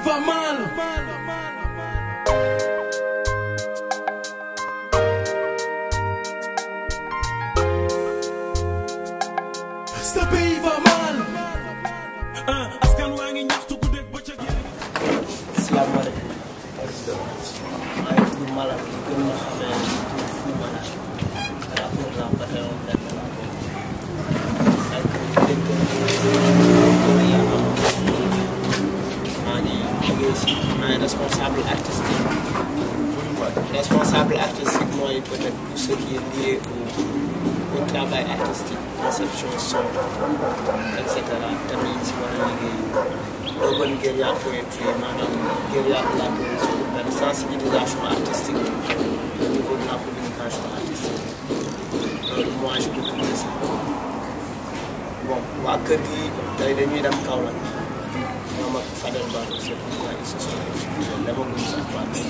viva mano. Se mal. mano. Uh. responsable artistique et peut-être pour ce qui est lié au au travail artistique conception son et cetera tamit si war a liggéey urban guérilla pour maanaam guérilla de la production urbaine sensibilisation artistique au niveau de la communication artistique donc moi je peux dire ça bon waa kër gi tey dañuy dem Kaolack noma kufanele ubani kwaleso labo kuzakwazi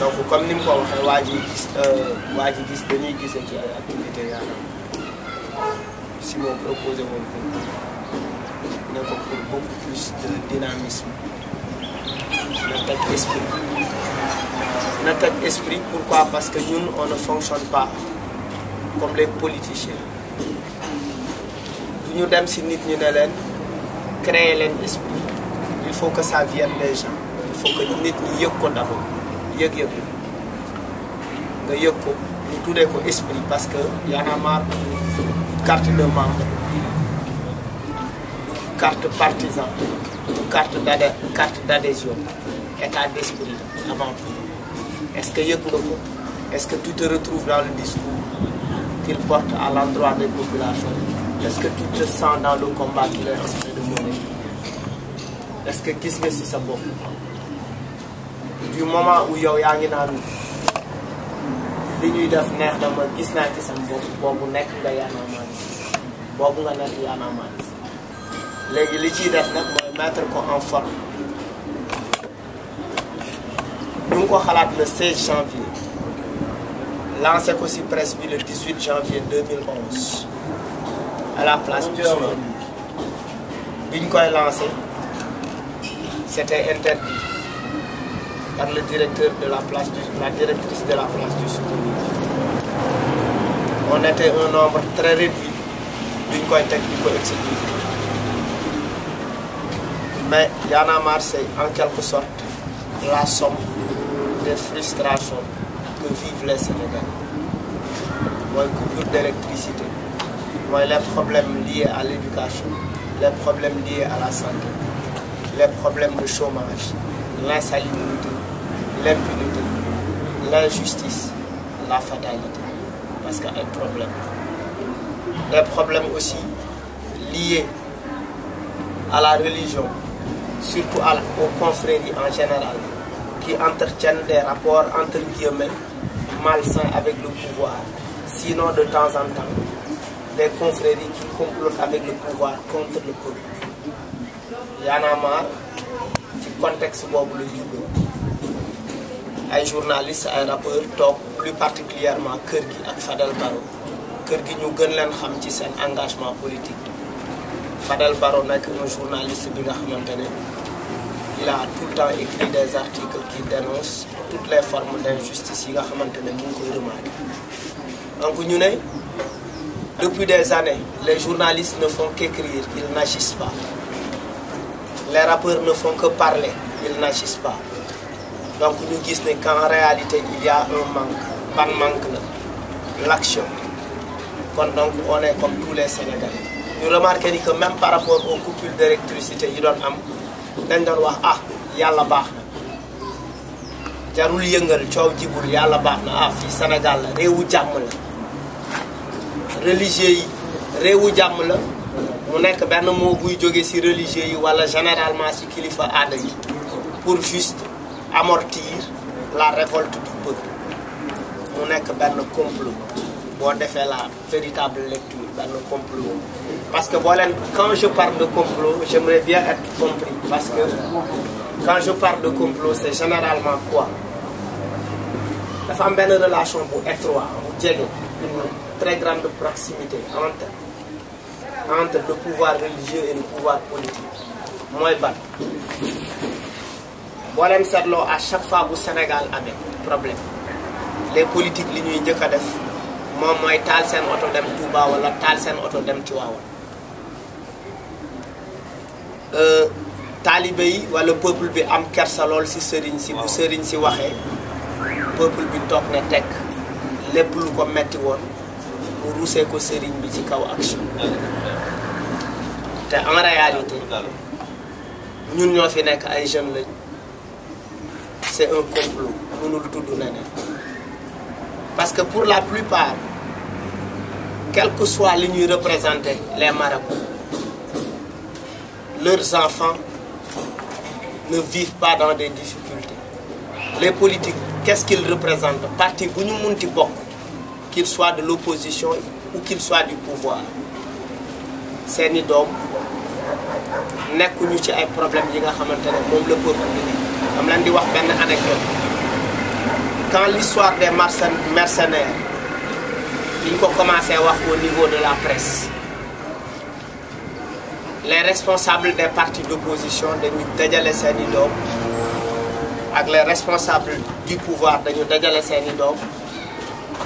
donc comme ni mu ko waxee waa ji gis eh, waa ji gis dañuy gise ci ay activité yaanam si moom proposé woon pour ne ko pour beaucoup plus de dynamisme na teg esprit na teg esprit pourquoi parce que ñun on ne fonctionne pas comme les politiciens Nous dem si nit créer il faut que ça vienne des gens il faut que nit soyons d'abord yek yek nga yëg ko ñu ko esprit parce que Y en a marre carte de membre carte partisan carte des carte d'adhésion état d'esprit avant tout est-ce que est-ce que tu te retrouves dans le discours qu'il porte à l'endroit des populations est-ce que tu te sens dans le combat qu'il ce que gis nga ci sa bopp du moment où yow yaa ngi naan li ñuy def neex na gis naa ci sama bopp boobu nekk nga Y'en boobu nga nekk Y'en léegi li ciy def nag mooy mettre ko en forme ñu ko xalaat le 16 janvier lancé ko ci presse bi le janvier à la place du souvenir une lancé c'était interdit par le directeur de la place la directrice de la place du souvenir on était un nombre très réduit d'une coin technique di Y en a marre en quelque sorte la somme des frustrations que vivent les Sénégalais une coupure d'électricité les problèmes liés à l'éducation les problèmes liés à la santé les problèmes de chômage l'insalubrité l'impunité l'injustice la fatalité parce a un problème des problèmes aussi liés à la religion surtout aux confréries en général qui entretiennent des rapports entre guillemets malsains avec le pouvoir sinon de temps en temps des confréries qui complotent avec le pouvoir contre le peuple. Y en a marre du contexte boobu le juddoo Un journaliste, un rappeur, top, plus particulièrement kër et Fadel Baro Kirgi nous ñu gën un engagement politique Fadel Baro que un journaliste bi nga il a tout le temps écrit des articles qui dénoncent toutes les formes d'injustice yi nga remonté. donc depuis des années, les journalistes ne font qu'écrire, ils n'agissent pas. Les rappeurs ne font que parler, ils n'agissent pas. Donc nous disons qu'en réalité, il y a un manque. Pas de manque, l'action. Donc on est comme tous les Sénégalais. Nous remarquons que même par rapport aux coupures d'électricité, ils donnent dañ doon wax ah yàlla baax na jarul yëngal il y a la barre, ah fii Sénégal la réewu la religieux yi On la mu nek ben mo ci religieux yi généralement ce qu'il faut yi pour juste amortir la révolte du peuple mu nek le complot de faire la véritable lecture le complot parce que voilà quand je parle de complot j'aimerais bien être compris parce que quand je parle de complot c'est généralement quoi la femme ben relation pour étroit très grande proximité entre entre le pouvoir religieux et le pouvoir politique mooy ban boo leen seetloo à chaque fois bu Sénégal des problème les politiques li ñuy njëkk a def moom mooy tout bas ou dem Touba wala taal seen oto dem Euh, talibé, yi wala peuple bi am kersa lool si sëriñ si bu sëriñ si waxee peuple bi tok na tek lépp lu ko metti won que action en réalité nous, ñoo fait jeunes c'est un complot nous, tout neneen parce que pour la plupart quel que soit l'union nous les marabouts leurs enfants ne vivent pas dans des difficultés les politiques qu'est-ce qu'ils représentent parti bu qu'il soit de l'opposition ou qu'il soit du pouvoir C'est doom nekkuñu ci ay problèmes yi nga xamante ne moom la peuple am anecdote quand l'histoire des mercenaires faut ko commencé voir au niveau de la presse les responsables des partis d'opposition dañu dajale seeni doom ak les responsables du pouvoir dañu dajale seeni doom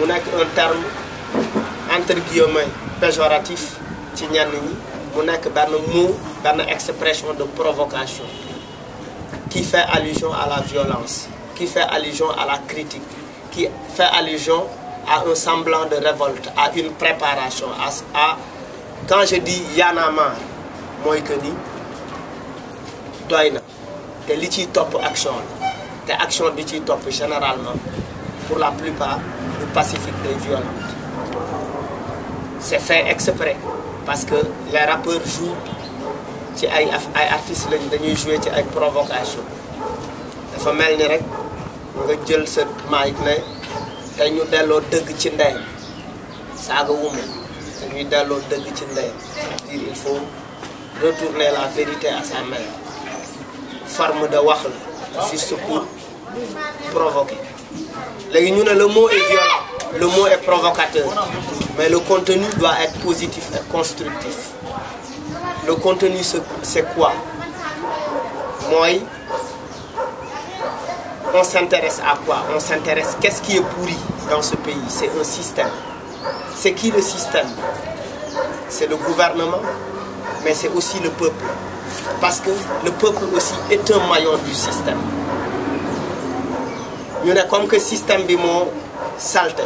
il un terme entre guillemets péjoratif ci expression de provocation qui fait allusion à la violence qui fait allusion à la critique qui fait allusion à un semblant de révolte à une préparation à quand je dis Yanama » moi que ni action généralement pour la plupart, le Pacifique des violentes. C'est fait exprès parce que les rappeurs jouent ci ay artistes jouent dañuy jouer ci ay provocation dafa mel ni rek nga jël sa mic ne te ñu delloo dëgg ci la saaga wuma ñuy delloo dëgg ci cest il faut retourner la vérité à sa mère forme de wax la juste pour provoquer le mot est violent le mot est provocateur mais le contenu doit être positif et constructif le contenu c'est quoi Moi, on s'intéresse à quoi on s'intéresse qu'est-ce qui est pourri dans ce pays c'est un système c'est qui le système c'est le gouvernement mais c'est aussi le peuple parce que le peuple aussi est un maillon du système ñu ne comme que système bi moo salte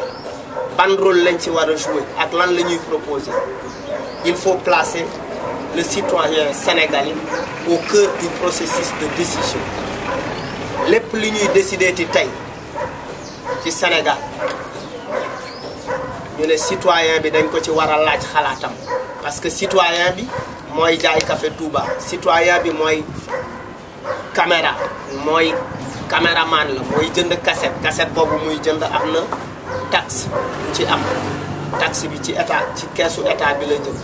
ban rôle lañ ci war a jouer ak lan la proposer il faut placer le citoyen sénégalais au cœur du processus de décision Les li ñuy décider ci tey ci Sénégal ñu ne citoyen bi dañ ko ci war a laaj xalaatam parce que citoyen bi mooy jaay café Touba citoyen bi mooy caméra caméraman la mooy jënd cassette kaset boobu muy jënd am na taxe ci am tax bi ci état ci kesu état bi la jëm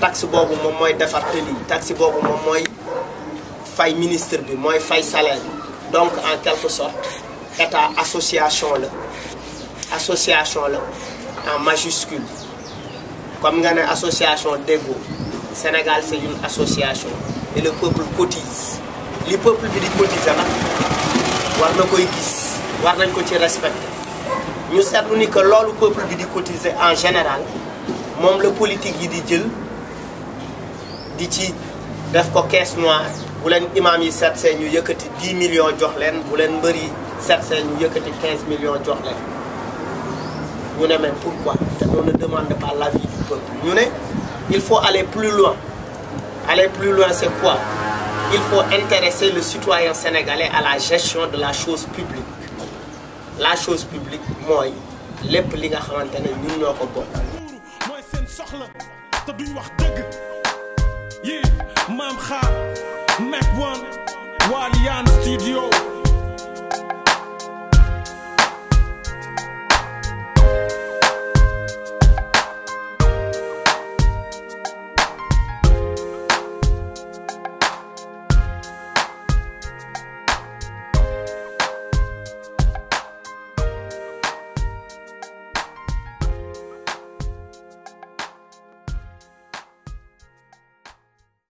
taxe boobu moom mooy defar tëli taxe boobu moom mooy fay ministre bi mooy fay salaire donc en quelque sorte état association la association la en majuscule comme nga ne association déggoo Sénégal c'est association et le peuple cotise li peuple bi di cotiser nag war savons koy gis war nañ ko ci ñu que le peuple bi di cotiser en général moom le politique yi di jël di ci def ko caisse noire bu leen imam yi seet see ñu 10 millions de leen bu leen mbër yi seet ñu 15 millions de leen ne pourquoi on ne demande pas l'avis du peuple il faut aller plus loin aller plus loin c'est quoi il faut intéresser le citoyen sénégalais à la gestion de la chose publique la chose publique moi, les li nga xamante ne ñun ñoo